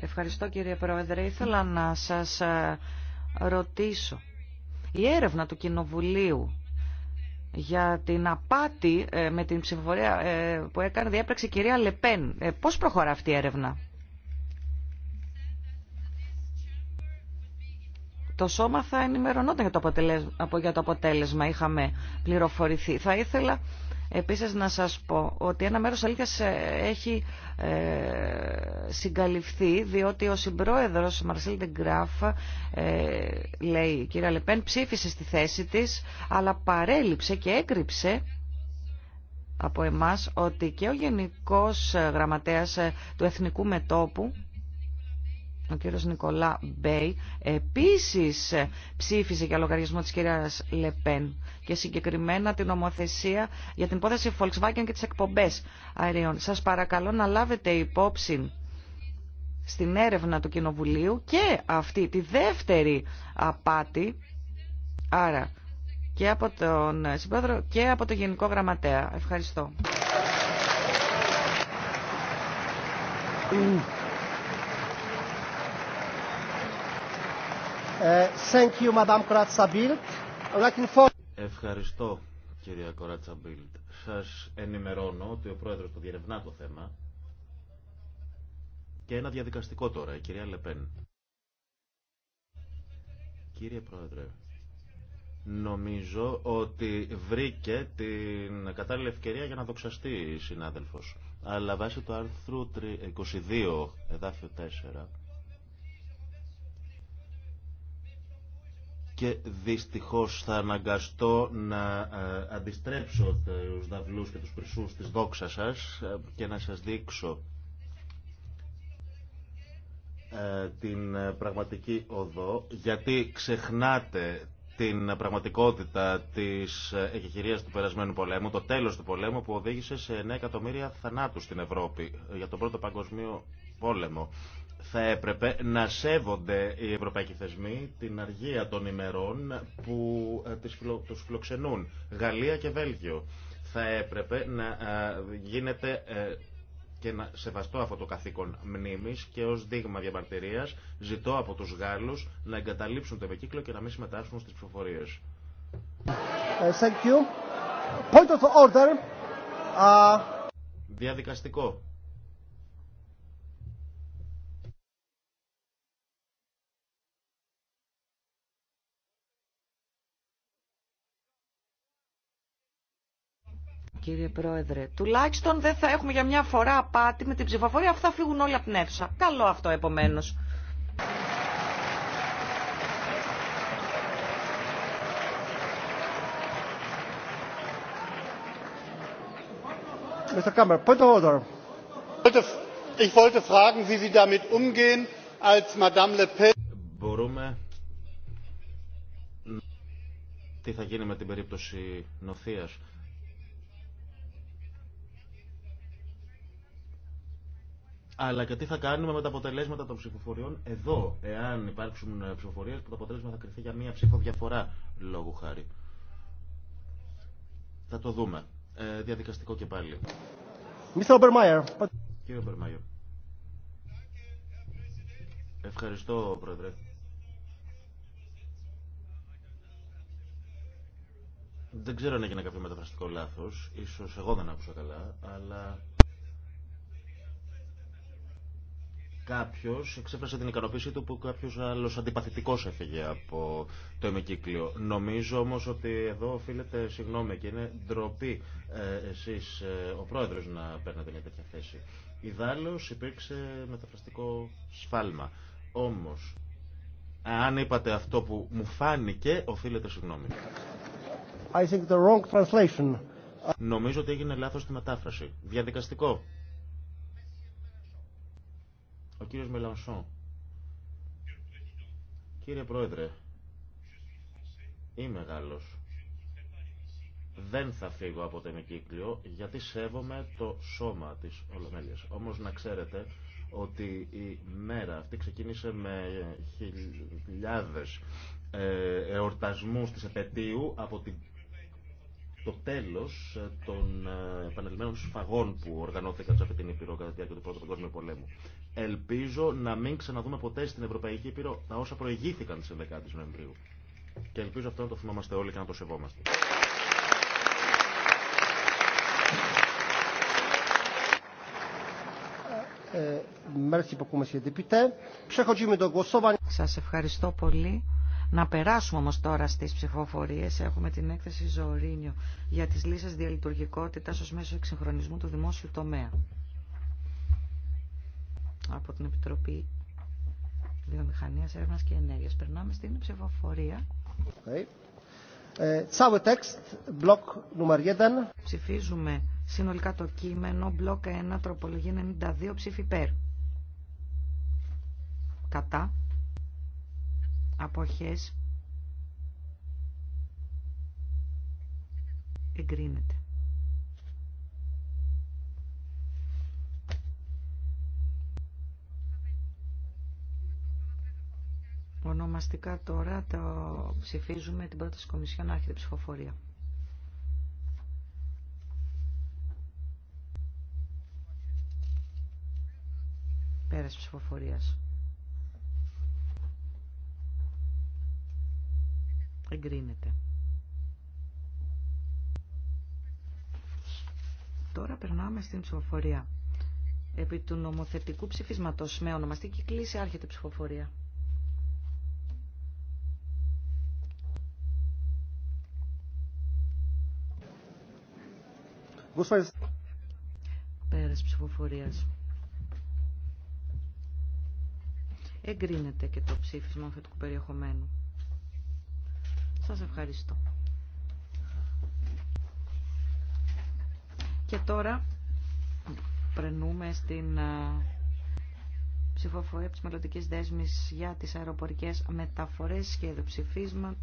Ευχαριστώ κύριε Πρόεδρε. Ήθελα να σας ε, ρωτήσω. Η έρευνα του Κοινοβουλίου για την απάτη ε, με την ψηφοφορία ε, που έκανε διέπραξε η κυρία Λεπέν. Πώς προχωρά αυτή η έρευνα. το σώμα θα ενημερωνόταν για το αποτέλεσμα, για το αποτέλεσμα είχαμε πληροφορηθεί. Θα ήθελα Επίσης να σας πω ότι ένα μέρος αλήθειας ε, έχει ε, συγκαλυφθεί διότι ο συμπρόεδρος Μαρσέλ Ντεγκράφ ε, λέει η κυρία Λεπέν ψήφισε στη θέση της αλλά παρέλειψε και έκρυψε από εμάς ότι και ο Γενικός Γραμματέας του Εθνικού Μετόπου ο κύριος Νικολά Μπέι επίσης ψήφισε για λογαριασμό της κυρίας Λεπέν και συγκεκριμένα την ομοθεσία για την υπόθεση Volkswagen και τις εκπομπές αερίων. Σας παρακαλώ να λάβετε υπόψη στην έρευνα του Κοινοβουλίου και αυτή τη δεύτερη απάτη, άρα και από τον Συμπρόεδρο και από τον Γενικό Γραμματέα. Ευχαριστώ. Ευχαριστώ, κυρία Κοράτσα Μπίλτ. Σας ενημερώνω ότι ο πρόεδρος που διερευνά το θέμα και ένα διαδικαστικό τώρα, η κυρία Λεπέν. Κύριε Πρόεδρε, νομίζω ότι βρήκε την κατάλληλη ευκαιρία για να δοξαστεί η συνάδελφος. Αλλά βάσει το άρθρου 22, εδάφιο 4, και δυστυχώς θα αναγκαστώ να ε, αντιστρέψω τους δαυλούς και τους χρυσούς της δόξα σας ε, και να σας δείξω ε, την πραγματική οδό γιατί ξεχνάτε την πραγματικότητα της εγχειρίας του περασμένου πολέμου, το τέλος του πολέμου που οδήγησε σε 9 εκατομμύρια θανάτους στην Ευρώπη για τον Πρώτο Παγκοσμίο Πόλεμο θα έπρεπε να σέβονται οι ευρωπαϊκοί θεσμοί την αργία των ημερών που ε, τους φιλοξενούν. Γαλλία και Βέλγιο. Θα έπρεπε να ε, γίνεται ε, και να σεβαστώ αυτό το καθήκον μνήμης και ως δείγμα διαμαρτυρίας ζητώ από τους Γάλλους να εγκαταλείψουν το επικύκλο και να μην συμμετάσχουν στις ψηφοφορίες. Διαδικαστικό. Κύριε Πρόεδρε, τουλάχιστον δεν θα έχουμε για μια φορά απάτη με την ψηφοφορία, αφού θα φύγουν όλοι από την αίθουσα. Καλό αυτό επομένω. Μπορούμε τι θα γίνει με την περίπτωση νοθείας. αλλά και τι θα κάνουμε με τα αποτελέσματα των ψηφοφοριών εδώ, εάν υπάρξουν ε, ψηφοφορίες που το αποτέλεσμα θα κρυθεί για μία ψήφο διαφορά, λόγου χάρη. Θα το δούμε. Ε, διαδικαστικό και πάλι. Κύριε Μπερμάγερ. Ευχαριστώ, Πρόεδρε. Δεν ξέρω αν έγινε κάποιο μεταφραστικό λάθος. Ίσως εγώ δεν άκουσα καλά, αλλά κάποιο εξέφρασε την ικανοποίησή του που κάποιο άλλο αντιπαθητικό έφυγε από το ημικύκλιο. Νομίζω όμω ότι εδώ οφείλεται συγγνώμη και είναι ντροπή ε, εσεί, ε, ο πρόεδρο, να παίρνετε μια τέτοια θέση. Ιδάλω υπήρξε μεταφραστικό σφάλμα. Όμω, αν είπατε αυτό που μου φάνηκε, οφείλεται συγγνώμη. I think the wrong translation. Νομίζω ότι έγινε λάθος στη μετάφραση. Διαδικαστικό. Ο κύριος Μελανσόν. Κύριε Πρόεδρε, είμαι Γάλλος. Δεν θα φύγω από το Εμικύκλιο γιατί σέβομαι το σώμα της Ολομέλειας. Όμως να ξέρετε ότι η μέρα αυτή ξεκίνησε με χιλιάδες ε, εορτασμούς της επαιτίου από την το τέλος ε, των ε, επανελειμμένων σφαγών που οργανώθηκαν σε αυτή την Ήπειρο κατά τη διάρκεια του Πρώτου Παγκόσμιου Πολέμου. Ελπίζω να μην ξαναδούμε ποτέ στην Ευρωπαϊκή Ήπειρο τα όσα προηγήθηκαν στις 11 Νοεμβρίου. Και ελπίζω αυτό να το θυμάμαστε όλοι και να το σεβόμαστε. Ε, Σας ευχαριστώ πολύ. Να περάσουμε όμως τώρα στις ψηφοφορίες. Έχουμε την έκθεση Ζωρίνιο για τις λύσεις διαλειτουργικότητας ως μέσο εξυγχρονισμού του δημόσιου τομέα. Από την Επιτροπή Βιομηχανίας, Έρευνας και Ενέργειας. Περνάμε στην ψηφοφορία. Okay. 1. Ε, Ψηφίζουμε συνολικά το κείμενο, μπλοκ 1, τροπολογία 92, ψήφι υπέρ. Κατά αποχές εγκρίνεται. Ονομαστικά τώρα το ψηφίζουμε την πρόταση Κομισιόν της ψηφοφορία. Πέρας ψηφοφορίας. εγκρίνεται. Τώρα περνάμε στην ψηφοφορία. Επί του νομοθετικού ψηφισματός με ονομαστική κλίση άρχεται ψηφοφορία. Πέρας ψηφοφορίας. Εγκρίνεται και το ψήφισμα θετικού περιεχομένου. Σας ευχαριστώ. Και τώρα πρενούμε στην ε, ψηφοφορία της Μελλοντικής δέσμης για τις αεροπορικές μεταφορές σχέδιο σε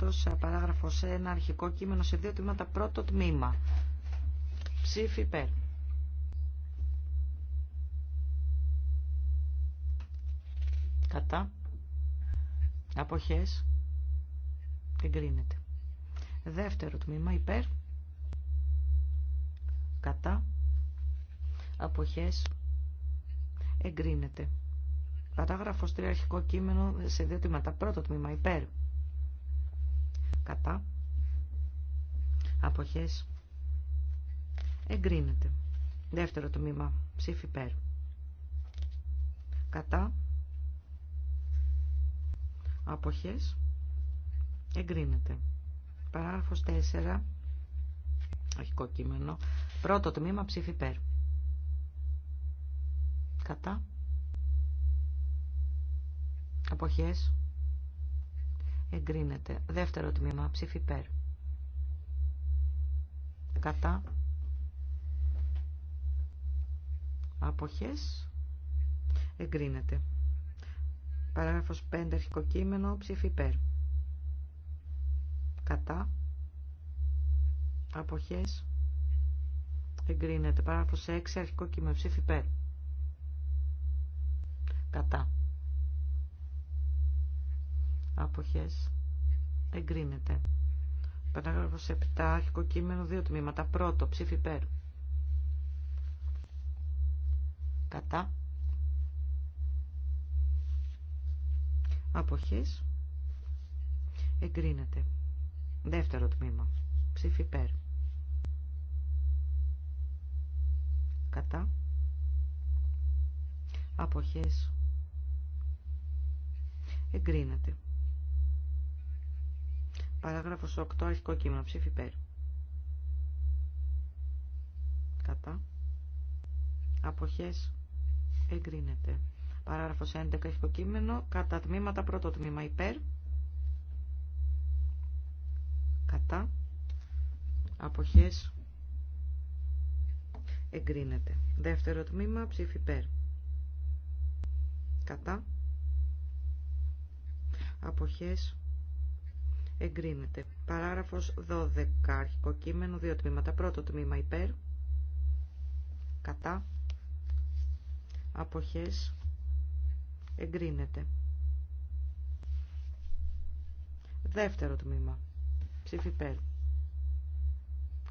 σε 1, αρχικό κείμενο σε δύο τμήματα, πρώτο τμήμα. Ψήφι υπέρ. Κατά. Αποχές. Εγκρίνεται. Δεύτερο τμήμα υπέρ. Κατά. Αποχές. Εγκρίνεται. Παράγραφος 3 αρχικό κείμενο σε δύο τμήματα. Πρώτο τμήμα υπέρ. Κατά. Αποχές. Εγκρίνεται. Δεύτερο τμήμα. Ψήφι υπέρ. Κατά. Αποχές εγκρίνεται. Παράγραφος 4, αρχικό κείμενο, πρώτο τμήμα ψήφι ΠΕΡ, Κατά. Αποχές. Εγκρίνεται. Δεύτερο τμήμα ψήφι ΠΕΡ, Κατά. Αποχές. Εγκρίνεται. Παράγραφος 5, αρχικό κείμενο, ψήφι ΠΕΡ κατά αποχές εγκρίνεται σε 6 αρχικό κείμενο ψήφι υπέρ κατά αποχές εγκρίνεται Παράγραφο 7 αρχικό κείμενο δύο τμήματα πρώτο ψήφι πέρ κατά αποχές εγκρίνεται Δεύτερο τμήμα. Ψήφι υπέρ. Κατά. Αποχές. Εγκρίνεται. Παράγραφος 8. Αρχικό κείμενο. Ψήφι υπέρ. Κατά. Αποχές. Εγκρίνεται. Παράγραφος 11. Αρχικό κείμενο. Κατά τμήματα. Πρώτο τμήμα υπέρ. Κατά. Αποχές. Εγκρίνεται. Δεύτερο τμήμα. Ψήφι υπέρ. Κατά. Αποχές. Εγκρίνεται. Παράγραφος 12. Αρχικό κείμενο. Δύο τμήματα. Πρώτο τμήμα υπέρ. Κατά. Αποχές. Εγκρίνεται. Δεύτερο τμήμα ψήφι ΠΕΡ.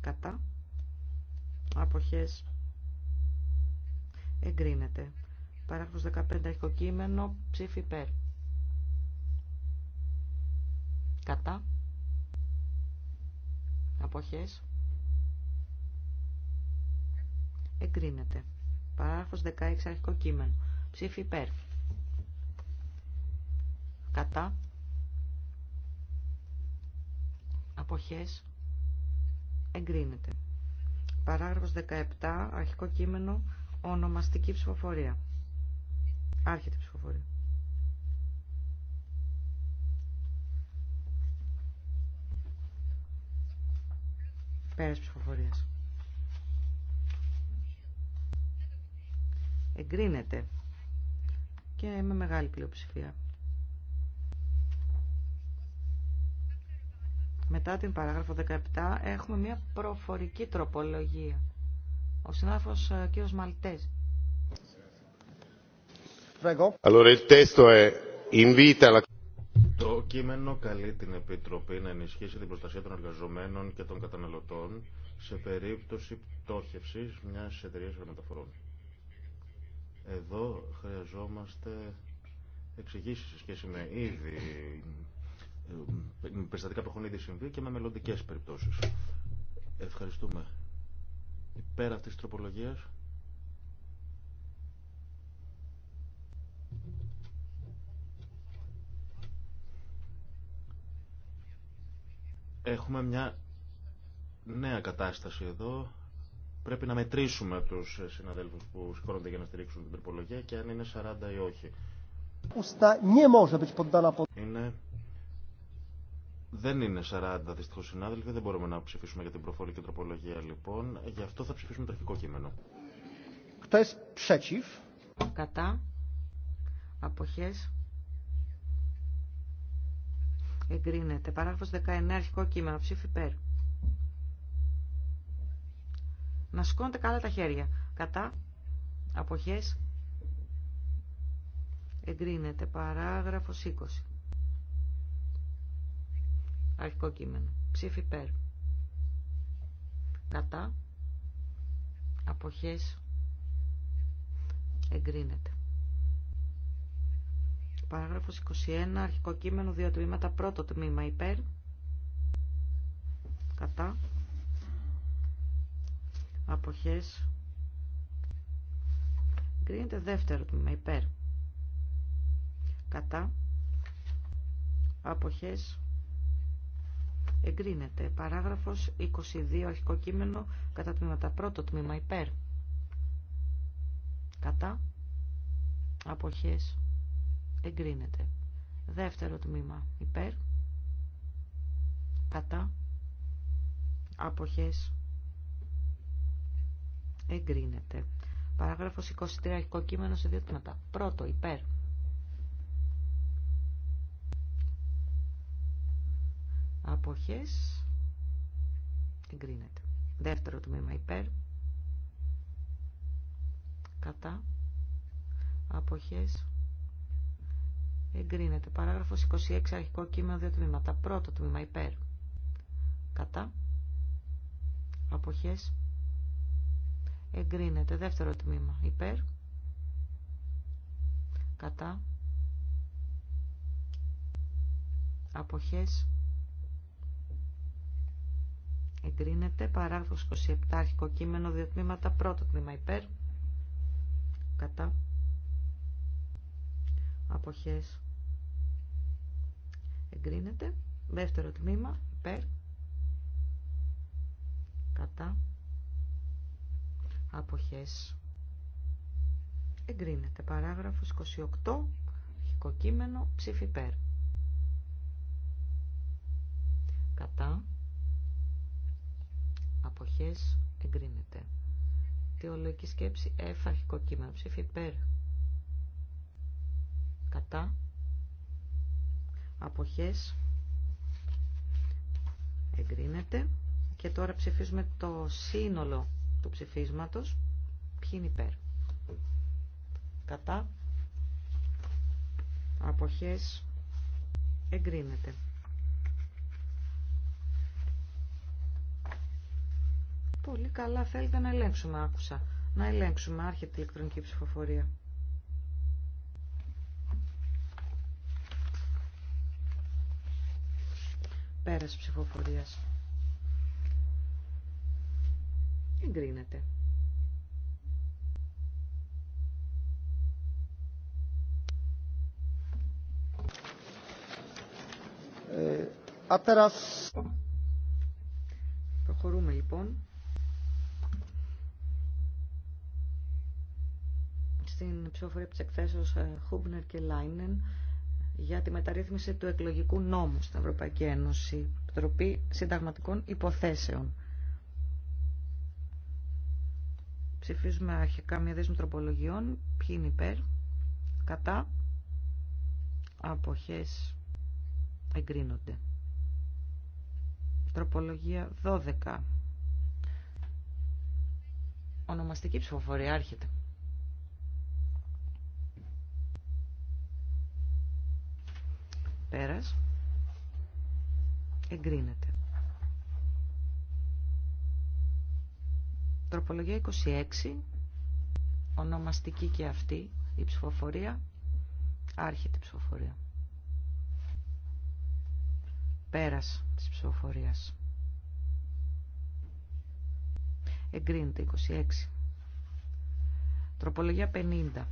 κατά αποχές εγκρίνεται παράγραφος 15 αρχικό κείμενο ψήφι υπέρ κατά αποχές εγκρίνεται παράγραφος 16 αρχικό κείμενο ψήφι υπέρ κατά αποχές εγκρίνεται. Παράγραφος 17, αρχικό κείμενο, ονομαστική ψηφοφορία. Άρχεται ψηφοφορία. Πέρας ψηφοφορίας. Εγκρίνεται και με μεγάλη πλειοψηφία. Μετά την παράγραφο 17 έχουμε μια προφορική τροπολογία. Ο συνάδελφος ε, κ. Μαλτέζ. Το κείμενο καλεί την Επιτροπή να ενισχύσει την προστασία των εργαζομένων και των καταναλωτών σε περίπτωση πτώχευσης μιας εταιρείας μεταφορών. Εδώ χρειαζόμαστε εξηγήσει σε σχέση με ήδη με περιστατικά που έχουν ήδη συμβεί και με μελλοντικέ περιπτώσει. Ευχαριστούμε. Πέρα αυτή τη τροπολογίας. Έχουμε μια νέα κατάσταση εδώ. Πρέπει να μετρήσουμε τους συναδέλφους που σηκώνονται για να στηρίξουν την τροπολογία και αν είναι 40 ή όχι. Είναι δεν είναι 40 δυστυχώ συνάδελφοι, δεν μπορούμε να ψηφίσουμε για την και τροπολογία λοιπόν. Γι' αυτό θα ψηφίσουμε το αρχικό κείμενο. Κατά. Αποχές. Εγκρίνεται. Παράγραφος 19. Αρχικό κείμενο. Ψήφι υπέρ. Να σηκώνετε καλά τα χέρια. Κατά. Αποχές. Εγκρίνεται. Παράγραφος 20. Αρχικό κείμενο. Ψήφι υπέρ. Κατά. Αποχές. Εγκρίνεται. Παράγραφος 21. Αρχικό κείμενο. Δύο τμήματα. Πρώτο τμήμα υπέρ. Κατά. Αποχές. Εγκρίνεται δεύτερο τμήμα υπέρ. Κατά. Αποχές εγκρίνεται. Παράγραφος 22 αρχικό κείμενο κατά τμήματα. Πρώτο τμήμα υπέρ. Κατά. Αποχές. Εγκρίνεται. Δεύτερο τμήμα υπέρ. Κατά. Αποχές. Εγκρίνεται. Παράγραφος 23 αρχικό κείμενο σε δύο τμήματα. Πρώτο υπέρ. αποχές εγκρίνεται δεύτερο τμήμα υπέρ κατά αποχές εγκρίνεται παράγραφος 26 αρχικό κείμενο δύο τμήματα πρώτο τμήμα υπέρ κατά αποχές εγκρίνεται δεύτερο τμήμα υπέρ κατά αποχές Εγκρίνεται παράγραφος 27 αρχικό κείμενο δύο τμήματα πρώτο τμήμα υπέρ κατά αποχές εγκρίνεται δεύτερο τμήμα υπέρ κατά αποχές εγκρίνεται παράγραφος 28 αρχικό κείμενο ψήφι υπέρ αποχές εγκρίνεται. Θεολογική σκέψη F κείμενο ψήφι υπέρ. Κατά. Αποχές εγκρίνεται. Και τώρα ψηφίζουμε το σύνολο του ψηφίσματος. Ποιοι είναι υπέρ. Κατά. Αποχές εγκρίνεται. Πολύ καλά, θέλετε να ελέγξουμε, άκουσα. Να ελέγξουμε, άρχεται η ηλεκτρονική ψηφοφορία. Πέρας ψηφοφορίας. Εγκρίνεται. Ε, Προχωρούμε λοιπόν. στην ψηφοφορία της εκθέσεως ε, Χούμπνερ και Λάινεν για τη μεταρρύθμιση του εκλογικού νόμου στην Ευρωπαϊκή Ένωση, τροπή Συνταγματικών Υποθέσεων. Ψηφίζουμε αρχικά μια δέσμη τροπολογιών. Ποιοι είναι υπέρ, κατά, αποχές, εγκρίνονται. Τροπολογία 12. Ονομαστική ψηφοφορία άρχεται. Πέρας. Εγκρίνεται. Τροπολογία 26. Ονομαστική και αυτή η ψηφοφορία. Άρχεται η ψηφοφορία. Πέρας της ψηφοφορίας. Εγκρίνεται 26. Τροπολογία 50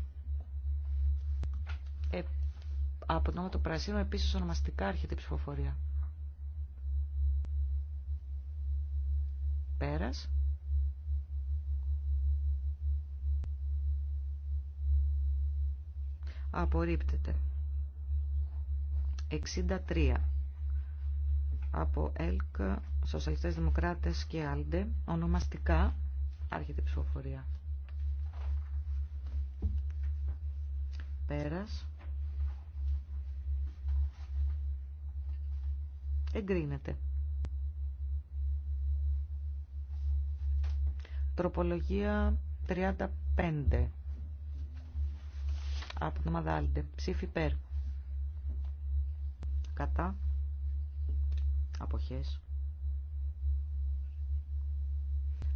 από το νόμο το πράσινο, επίσης ονομαστικά έρχεται ψηφοφορία. Πέρας. Απορρίπτεται. 63 από ΕΛΚ, Σοσιαλιστές Δημοκράτες και ΑΛΔΕ, ονομαστικά άρχεται ψηφοφορία. Πέρας. Εγκρίνεται. Τροπολογία 35 από το Μαδάλντε. Ψήφι υπέρ. Κατά. Αποχές.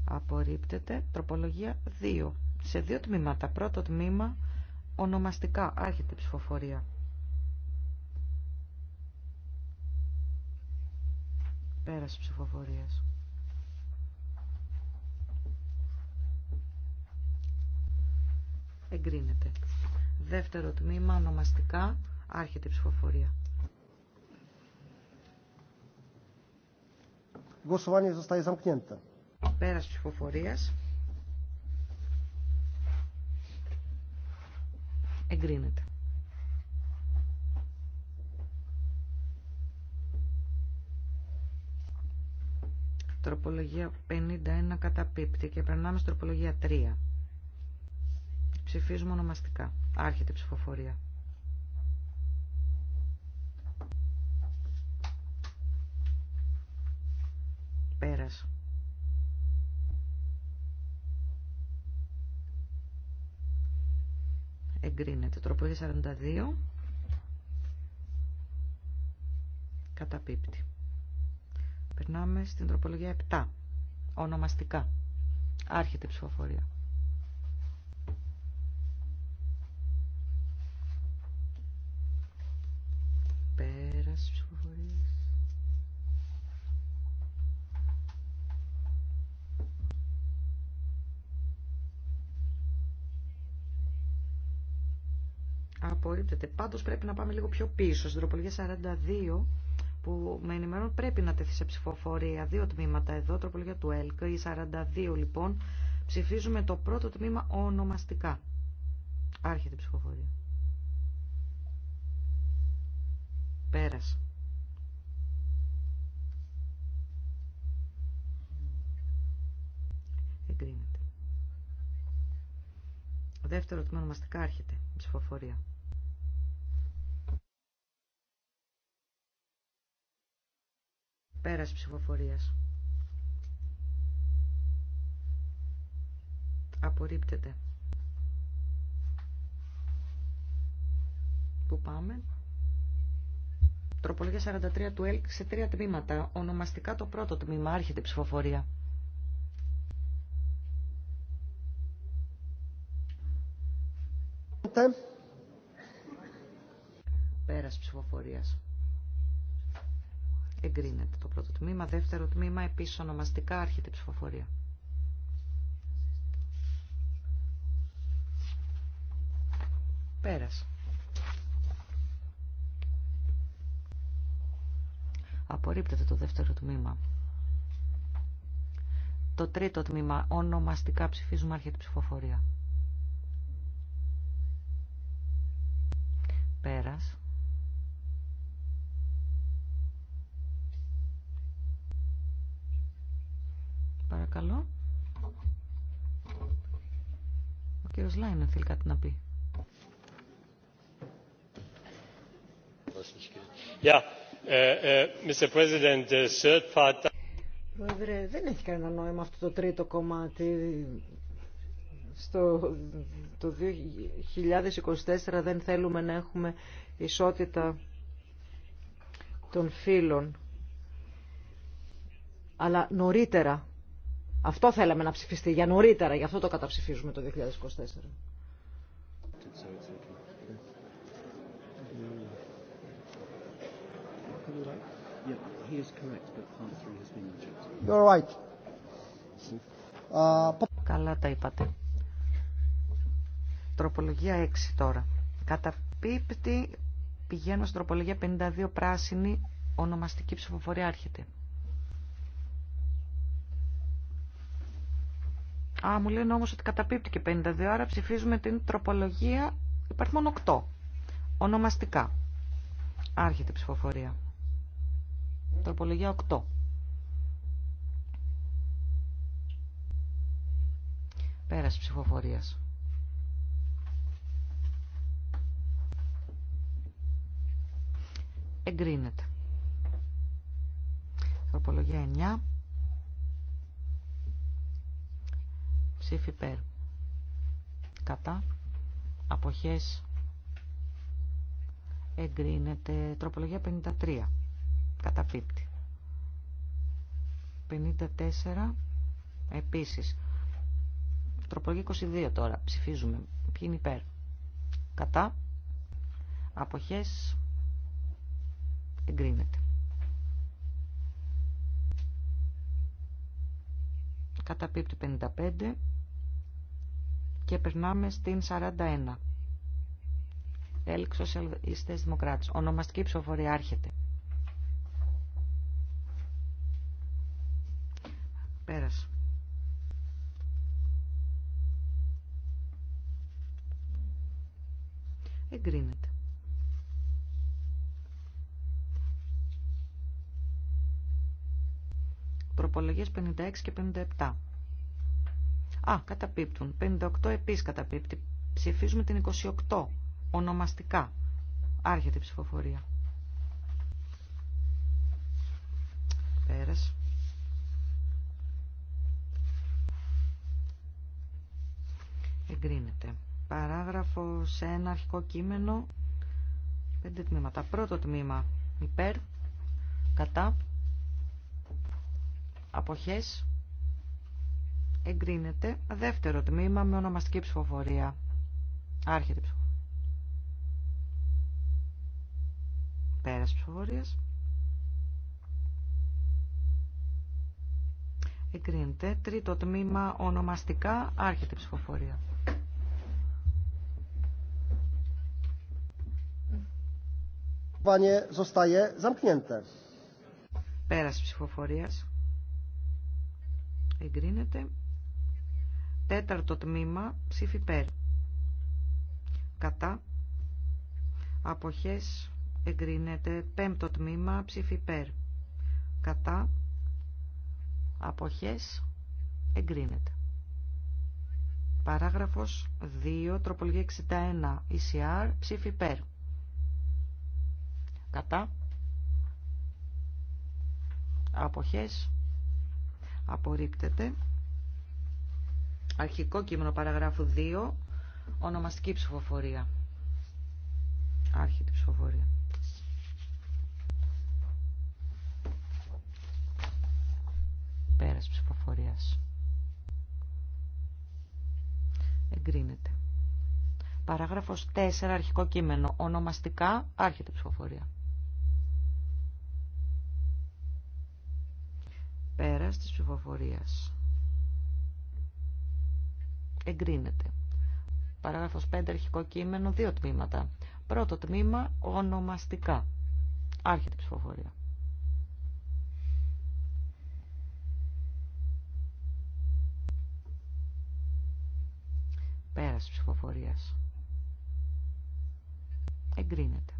Απορρίπτεται. Τροπολογία 2. Σε δύο τμήματα. Πρώτο τμήμα ονομαστικά. Άρχεται η ψηφοφορία. Πέρας ψηφοφορίας. Εγκρίνεται. Δεύτερο τμήμα, ονομαστικά, άρχεται η ψηφοφορία. Πέραση ψηφοφορία. zamknięte. Πέρας ψηφοφορίας. Εγκρίνεται. Τροπολογία 51 καταπίπτει και περνάμε στην τροπολογία 3. Ψηφίζουμε ονομαστικά. Άρχεται η ψηφοφορία. Πέρας. Εγκρίνεται. Τροπολογία 42. Καταπίπτει. Περνάμε στην τροπολογία 7. Ονομαστικά. Άρχεται η ψηφοφορία. Πέρας ψηφοφορία. Απορρίπτεται. Πάντως πρέπει να πάμε λίγο πιο πίσω. Στην τροπολογία 42 που με ενημερώνουν πρέπει να τεθεί σε ψηφοφορία. Δύο τμήματα εδώ, τροπολογία του ΕΛΚ, η 42 λοιπόν. Ψηφίζουμε το πρώτο τμήμα ονομαστικά. Άρχεται η ψηφοφορία. Πέρασε. Εγκρίνεται. Δεύτερο τμήμα ονομαστικά άρχεται η ψηφοφορία. Πέρας ψηφοφορίας. Απορρίπτεται. Πού πάμε. Τροπολογία 43 του ΕΛΚ σε τρία τμήματα. Ονομαστικά το πρώτο τμήμα. Άρχεται η ψηφοφορία. Πέρας ψηφοφορίας εγκρίνεται το πρώτο τμήμα. Δεύτερο τμήμα επίσης ονομαστικά άρχεται η ψηφοφορία. Πέρασε. Απορρίπτεται το δεύτερο τμήμα. Το τρίτο τμήμα ονομαστικά ψηφίζουμε άρχεται η ψηφοφορία. θέλει κάτι να πει. Uh, uh, Πρόεδρε, δεν έχει κανένα νόημα αυτό το τρίτο κομμάτι. Στο το 2024 δεν θέλουμε να έχουμε ισότητα των φίλων. Αλλά νωρίτερα. Αυτό θέλαμε να ψηφιστεί για νωρίτερα. Γι' αυτό το καταψηφίζουμε το 2024. is correct, has been right. Καλά τα είπατε. Τροπολογία 6 τώρα. Καταπίπτει πηγαίνω στην τροπολογία 52 πράσινη ονομαστική ψηφοφορία άρχεται. Α, μου λένε όμως ότι καταπίπτει και 52, άρα ψηφίζουμε την τροπολογία, υπάρχει μόνο 8, ονομαστικά. Άρχεται η ψηφοφορία. Τροπολογία 8. Πέραση ψηφοφορίας. Εγκρίνεται. Τροπολογία 9. Ψήφι περ Κατά. Αποχές. Εγκρίνεται. Τροπολογία 53. Καταπίπτει. 54. Επίσης. τροπολογή 22 τώρα. Ψηφίζουμε. Ποιοι είναι υπέρ. Κατά. Αποχές. Εγκρίνεται. Καταπίπτει 55. Και περνάμε στην 41. Έλξος Ιστές Δημοκράτης. Ονομαστική ψηφοφορία άρχεται. 56 και 57. Α, καταπίπτουν. 58 επίσης καταπίπτει. Ψηφίζουμε την 28. Ονομαστικά. Άρχεται η ψηφοφορία. Πέρας. Εγκρίνεται. Παράγραφο σε ένα αρχικό κείμενο. Πέντε τμήματα. Πρώτο τμήμα. Υπέρ. Κατά αποχές εγκρίνεται δεύτερο τμήμα με ονομαστική ψηφοφορία άρχεται ψηφοφορία πέρας ψηφοφορίας εγκρίνεται τρίτο τμήμα ονομαστικά άρχεται ψηφοφορία Πέραση zostaje Πέρας ψηφοφορίας εγκρίνεται. Τέταρτο τμήμα, ψήφι περ. Κατά. Αποχές εγκρίνεται. Πέμπτο τμήμα, ψήφι περ. Κατά. Αποχές εγκρίνεται. Παράγραφος 2, τροπολογία 61, ECR, ψήφι περ. Κατά. Αποχές απορρίπτεται. Αρχικό κείμενο παραγράφου 2, ονομαστική ψηφοφορία. Άρχιτη ψηφοφορία. Πέρας ψηφοφορίας. Εγκρίνεται. Παράγραφος 4, αρχικό κείμενο, ονομαστικά, άρχεται ψηφοφορία. ψηφοφορίας. Εγκρίνεται. Παράγραφος 5 αρχικό κείμενο, δύο τμήματα. Πρώτο τμήμα ονομαστικά. Άρχεται ψηφοφορία. Πέρας ψηφοφορίας. Εγκρίνεται.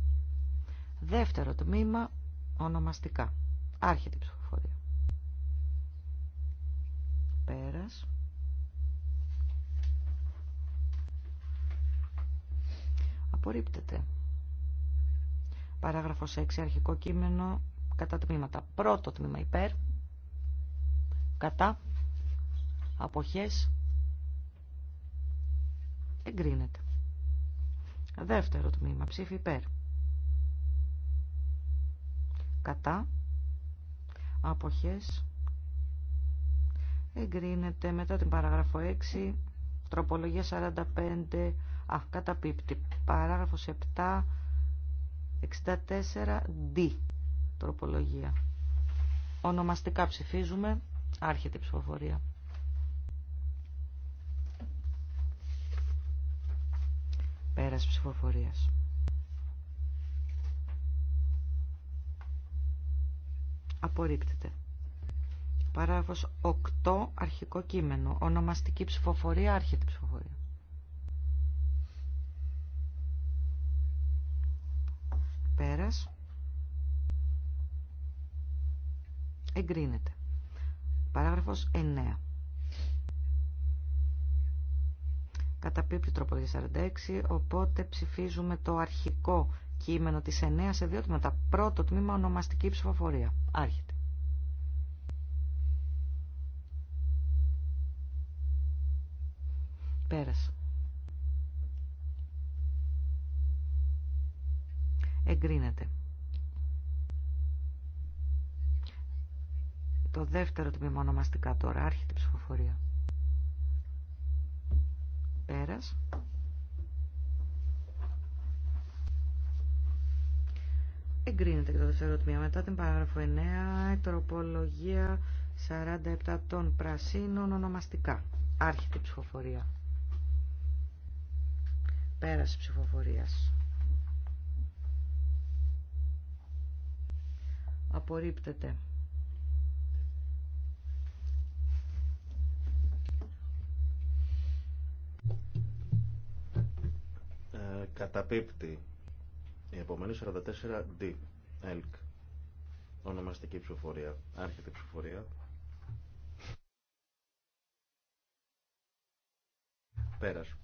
Δεύτερο τμήμα ονομαστικά. Άρχεται ψηφοφορία. Πέρας. Απορρίπτεται. Παράγραφος 6. Αρχικό κείμενο κατά τμήματα. Πρώτο τμήμα υπέρ. Κατά. Αποχές. Εγκρίνεται. Δεύτερο τμήμα. Ψήφι υπέρ. Κατά. Αποχές εγκρίνεται μετά την παράγραφο 6 τροπολογία 45 α, πίπτη, παράγραφος 7 64 D τροπολογία ονομαστικά ψηφίζουμε άρχεται η ψηφοφορία πέρας ψηφοφορίας απορρίπτεται Παράγραφος 8, αρχικό κείμενο. Ονομαστική ψηφοφορία, Άρχιτη ψηφοφορία. Πέρας. Εγκρίνεται. Παράγραφος 9. Καταπίπτει τροπο 46, οπότε ψηφίζουμε το αρχικό κείμενο της 9 σε δύο τμήματα. Πρώτο τμήμα ονομαστική ψηφοφορία. Άρχεται. Πέρας. Εγκρίνεται. Το δεύτερο τμήμα ονομαστικά τώρα. Άρχεται ψηφοφορία. Πέρας. Εγκρίνεται και το δεύτερο τμήμα. Μετά την παράγραφο 9, τροπολογία 47 των πρασίνων ονομαστικά. Άρχεται η ψηφοφορία. Πέραση ψηφοφορίας. Απορρίπτεται. Ε, Καταπίπτει η επόμενη 44D. ΕΛΚ. Ονομαστική ψηφοφορία. Άρχεται ψηφοφορία. Πέρας.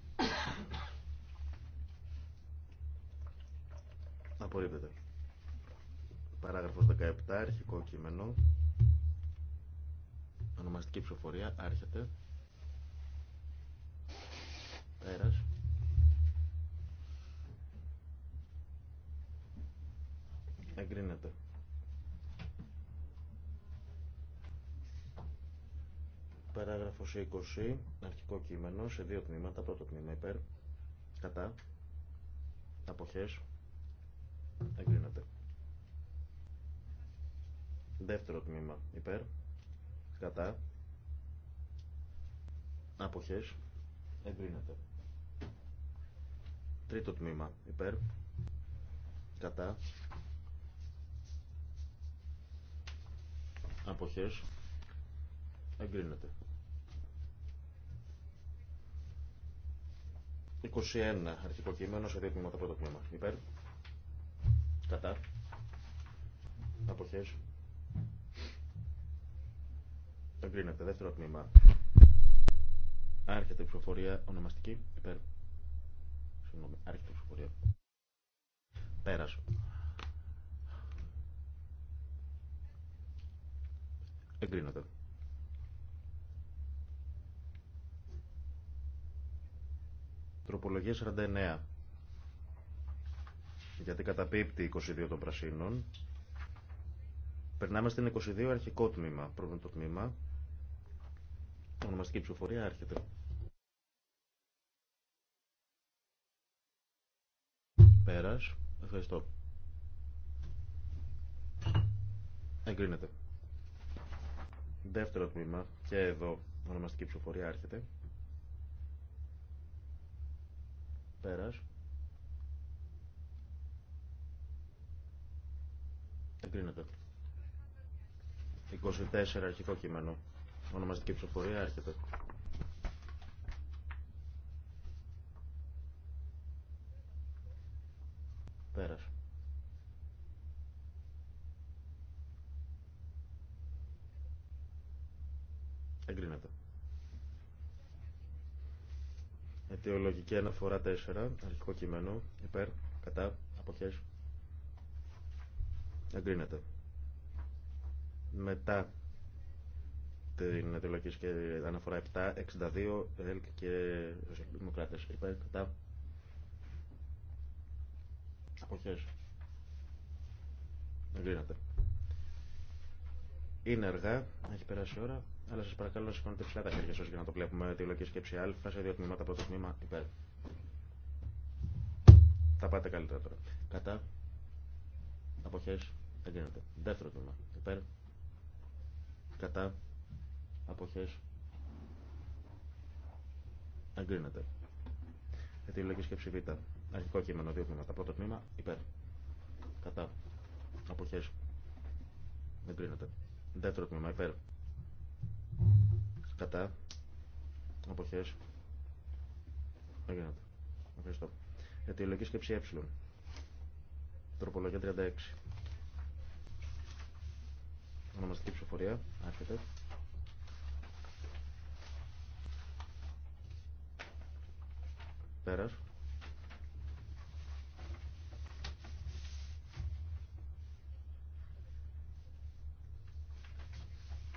Απορρίπτεται. Παράγραφος 17, αρχικό κείμενο. Ονομαστική ψηφοφορία, άρχεται. Πέρας. Εγκρίνεται. Παράγραφος 20, αρχικό κείμενο, σε δύο τμήματα, πρώτο τμήμα υπέρ, κατά, αποχές, Δεύτερο τμήμα. Υπέρ. Κατά. Αποχές. Εγκρίνεται. Τρίτο τμήμα. Υπέρ. Κατά. Αποχές. Εγκρίνεται. 21. Αρχικό κείμενο σε δύο τμήματα πρώτο τμήμα. Υπέρ. Κατά. Αποχές. Εγκρίνεται. Δεύτερο τμήμα. Άρχεται η ψηφοφορία ονομαστική. Υπέρ. Συγγνώμη. Άρχεται η ψηφοφορία. Πέρασε. Εγκρίνεται. Τροπολογία 49. Γιατί καταπίπτει 22 των πρασίνων. Περνάμε στην 22 αρχικό τμήμα. Πρώτο τμήμα. Ονομαστική ψηφοφορία άρχεται. Πέρας. Ευχαριστώ. Εγκρίνεται. Δεύτερο τμήμα. Και εδώ ονομαστική ψηφοφορία άρχεται. Πέρας. Εγκρίνεται. 24 αρχικό κείμενο. Ονομαστική ψηφοφορία έρχεται. Πέρασε. Εγκρίνεται. Αιτιολογική αναφορά 4, αρχικό κείμενο, υπέρ, κατά, αποχές. Εγκρίνεται. Μετά την αιτιολογική και αναφορά 7, 62, ΕΛΚ και Δημοκράτες. Υπέρ, κατά. Αποχές. Εγκρίνατε. Είναι αργά, έχει περάσει η ώρα, αλλά σας παρακαλώ να σηκώνετε ψηλά τα χέρια σας για να το βλέπουμε. Αιτιολογική σκέψη Α, σε δύο τμήματα, από το τμήμα, υπέρ. Θα πάτε καλύτερα τώρα. Κατά. Αποχές. Εγκρίνατε. Δεύτερο τμήμα. Υπέρ. Κατά. Αποχέ. εγκρίνεται. Αιτιολογική σκέψη Β. Αρχικό κείμενο, δύο τμήματα. Πρώτο τμήμα, υπέρ. Κατά. Αποχές. Εγκρίνεται. Δεύτερο τμήμα, υπέρ. Κατά. Αποχές. Εγκρίνεται. Ευχαριστώ. Αιτιολογική σκέψη Ε. Τροπολογία 36. Ονομαστική ψηφοφορία. Άρχεται. Πέρας.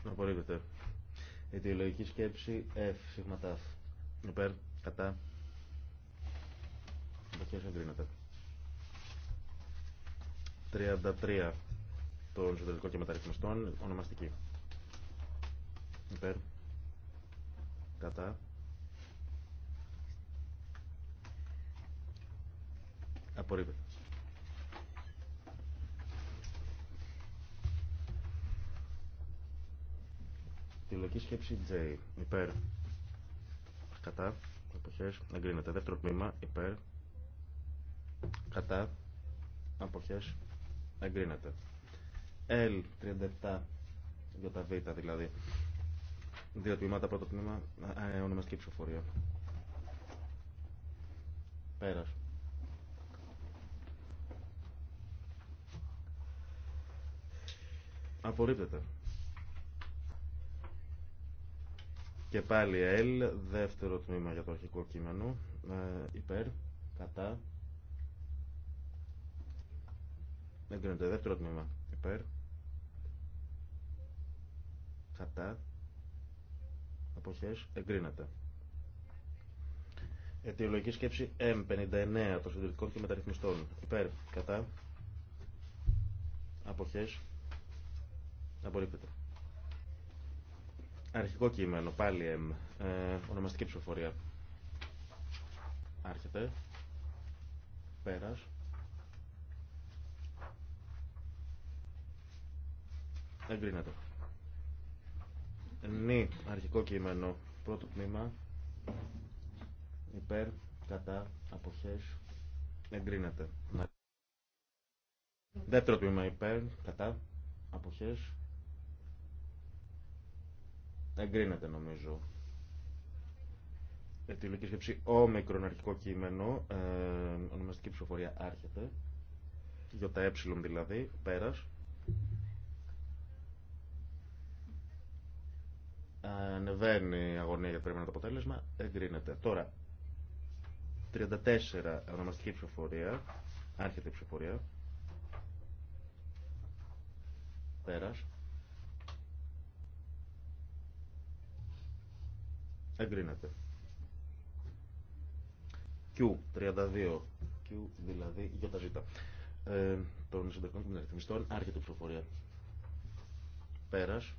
Απορρίπτεται. Ιδεολογική σκέψη F, σιγματάφ. Υπέρ, κατά. ποιες εγκρίνεται. 33 των ζωτερικών και μεταρρυθμιστών, ονομαστική. Υπέρ, κατά. Απορρίπτεται. Τη σκέψη J. Υπέρ. Κατά. Αποχές. Εγκρίνεται. Δεύτερο τμήμα. Υπέρ. Κατά. Αποχές. Εγκρίνεται. L37. Για τα β δηλαδή. Δύο τμήματα. Πρώτο τμήμα. Ε, ονομαστική ψηφοφορία. Πέρας. Απορρίπτεται. Και πάλι L, δεύτερο τμήμα για το αρχικό κείμενο. Ε, υπέρ, κατά. Εγκρίνεται δεύτερο τμήμα. Υπέρ. Κατά. Αποχές. Εγκρίνεται. Αιτιολογική σκέψη M59 των συντηρητικών και μεταρρυθμιστών. Υπέρ. Κατά. Αποχές. Απορρίπτεται. Αρχικό κείμενο, πάλι εμ, ονομαστική ψηφοφορία. Άρχεται. Πέρας. Εγκρίνεται. Νη, αρχικό κείμενο, πρώτο τμήμα. Υπέρ, κατά, αποχές. Εγκρίνεται. Ναι. Δεύτερο τμήμα υπέρ, κατά, αποχές. Εγκρίνεται νομίζω. Αιτιολογική σκέψη ο αρχικό κείμενο, ε, ονομαστική ψηφοφορία άρχεται, για τα ε δηλαδή, πέρας. Ανεβαίνει η αγωνία για περιμένω το αποτέλεσμα, εγκρίνεται. Τώρα, 34 ονομαστική ψηφοφορία, άρχεται η ψηφοφορία, πέρας. Εγκρίνεται. Q32. Q δηλαδή για τα ζήτα. Ε, των συντεχνών των άρχεται η ψηφοφορία. Πέρας.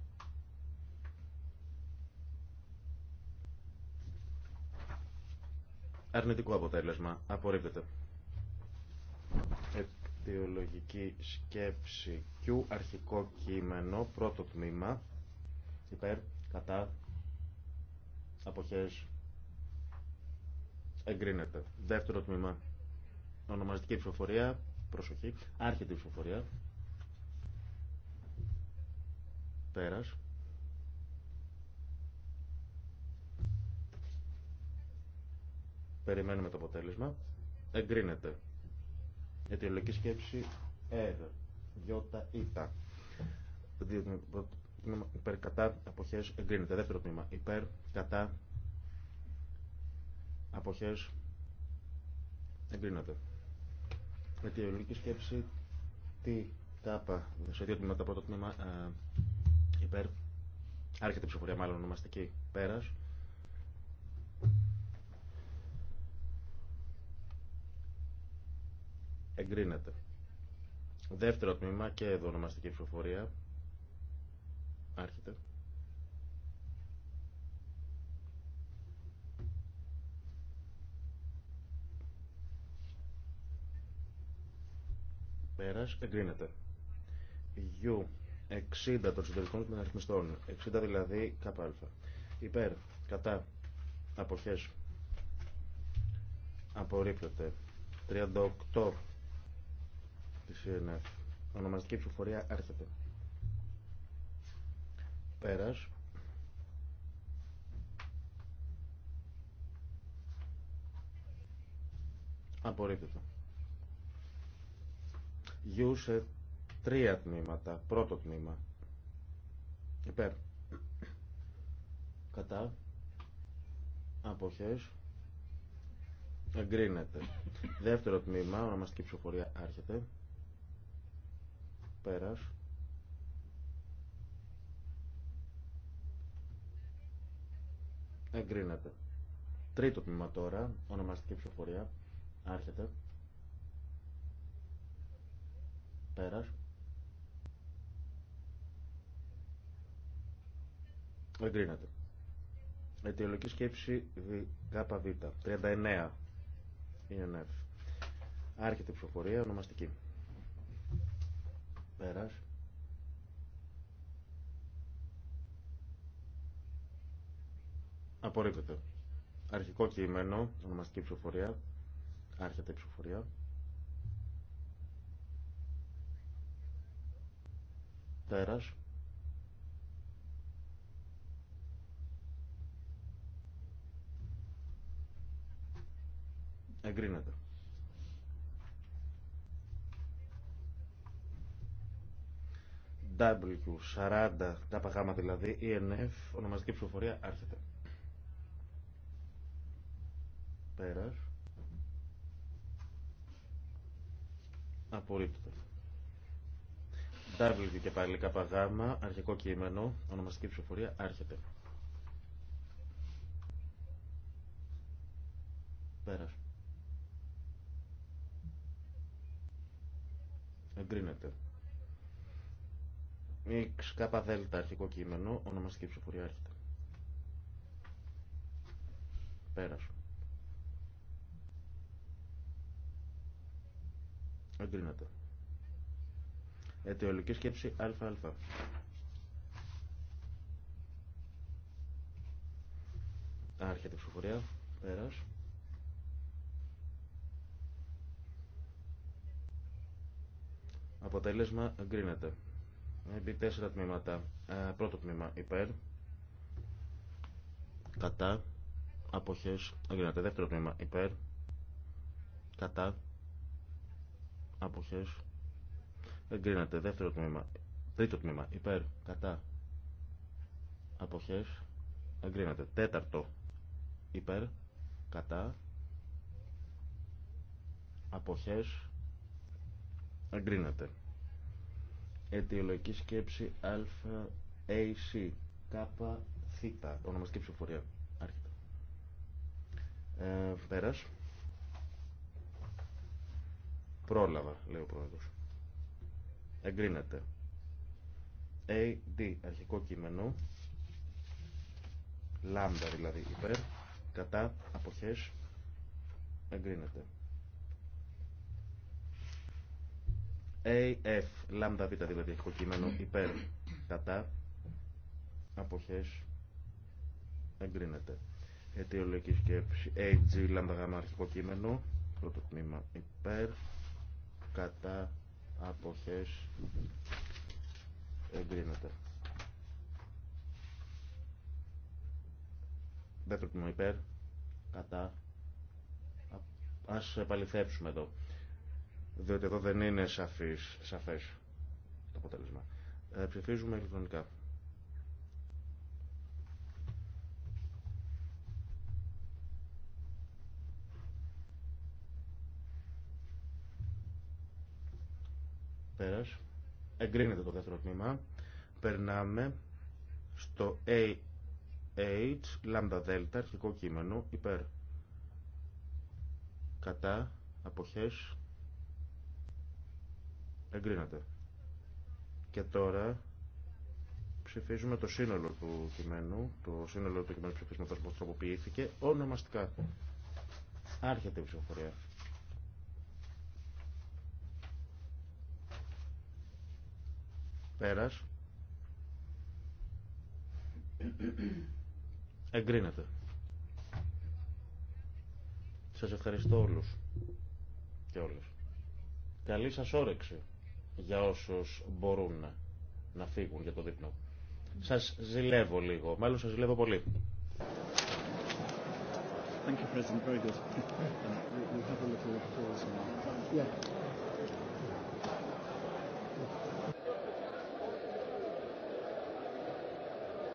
Αρνητικό αποτέλεσμα. Απορρίπτεται. Αιτιολογική σκέψη Q. Αρχικό κείμενο. Πρώτο τμήμα. Υπέρ. Κατά. Αποχές. Εγκρίνεται. Δεύτερο τμήμα. Ονομαστική ψηφοφορία. Προσοχή. Άρχεται η ψηφοφορία. Πέρας. Περιμένουμε το αποτέλεσμα. Εγκρίνεται. Αιτιολογική σκέψη έ ε, Ι. Ήτα τμήμα υπέρ κατά αποχές εγκρίνεται. Δεύτερο τμήμα υπέρ κατά αποχές εγκρίνεται. Αιτιολογική σκέψη τι τάπα σε δύο τμήματα. Πρώτο τμήμα ε, υπέρ. Άρχεται η ψηφοφορία μάλλον ονομαστική πέρας. Εγκρίνεται. Δεύτερο τμήμα και εδώ ονομαστική ψηφοφορία. Άρχεται. Πέρας, εγκρίνεται. Γιου, 60 των συντηρητικών και αριθμιστών, 60 δηλαδή ΚΑΠΑ. Υπέρ, κατά, αποχές. Απορρίπτεται. 38 της ΕΝΕΦ. Ονομαστική ψηφοφορία έρχεται. Πέρας. Απορρίπτεται. Γιούσε τρία τμήματα. Πρώτο τμήμα. Υπέρ. Κατά. Αποχές. Εγκρίνεται. Δεύτερο τμήμα, ονομαστική ψηφοφορία άρχεται. Πέρας. Εγκρίνεται. Τρίτο τμήμα τώρα, ονομαστική ψηφοφορία. Άρχεται. Πέρας. Εγκρίνεται. Αιτιολογική σκέψη ΚΒ. 39. ενεφ, Άρχεται η ψηφοφορία, ονομαστική. Πέρας. Απορρίπτεται. Αρχικό κείμενο, ονομαστική ψηφοφορία. Άρχεται η ψηφοφορια τερας Πέρας. Εγκρίνεται. W40, τα παγάμα δηλαδή, ENF, ονομαστική ψηφοφορία, άρχεται. Πέρας. Απορρίπτεται. W και πάλι καπαγάμα, αρχικό κείμενο, ονομαστική ψηφοφορία, άρχεται. Πέρας. Εγκρίνεται. X, κάπα αρχικό κείμενο, ονομαστική ψηφοφορία άρχεται. Πέρας. Εγκρίνεται. Αιτιολογική σκέψη ΑΑ. Άρχεται η ψηφοφορία. Πέρα. Αποτέλεσμα εγκρίνεται. Επί τέσσερα τμήματα. Ε, πρώτο τμήμα υπέρ. Κατά. Αποχές. Εγκρίνεται. Δεύτερο τμήμα υπέρ. Κατά αποχές εγκρίνεται δεύτερο τμήμα τρίτο τμήμα υπέρ κατά αποχές εγκρίνεται τέταρτο υπέρ κατά αποχές εγκρίνεται αιτιολογική σκέψη ΑΑC ΚΑΠΑ θ ονομαστική ψηφοφορία άρχεται ε, πέρας Πρόλαβα, λέει ο πρόεδρο. Εγκρίνεται. AD, αρχικό κείμενο. Λάμδα δηλαδή υπέρ. Κατά αποχές. Εγκρίνεται. AF, λάμδα β δηλαδή αρχικό κείμενο υπέρ. Κατά αποχές. Εγκρίνεται. Αιτιολογική σκέψη. AG, λάμδα γάμα αρχικό κείμενο. Πρώτο τμήμα υπέρ κατά αποχές εγκρίνεται. Δεύτερο τμήμα υπέρ, κατά. Ας επαληθεύσουμε εδώ. Διότι εδώ δεν είναι σαφής, σαφές το αποτέλεσμα. Ε, ψηφίζουμε ηλεκτρονικά. Εγκρίνεται το δεύτερο τμήμα. Περνάμε στο AH, λάμδα δέλτα, αρχικό κείμενο, υπέρ. Κατά, αποχές, εγκρίνεται. Και τώρα ψηφίζουμε το σύνολο του κειμένου, το σύνολο του κειμένου ψηφίσματος που τροποποιήθηκε, ονομαστικά. Άρχεται η ψηφοφορία. Πέρας. Εγκρίνεται. Σας ευχαριστώ όλους και όλες. Καλή σας όρεξη για όσους μπορούν να να φύγουν για το δείπνο. Σας ζηλεύω λίγο, μάλλον σας ζηλεύω πολύ. Thank you, President. Very good. Um, we, have a little pause now. Yeah.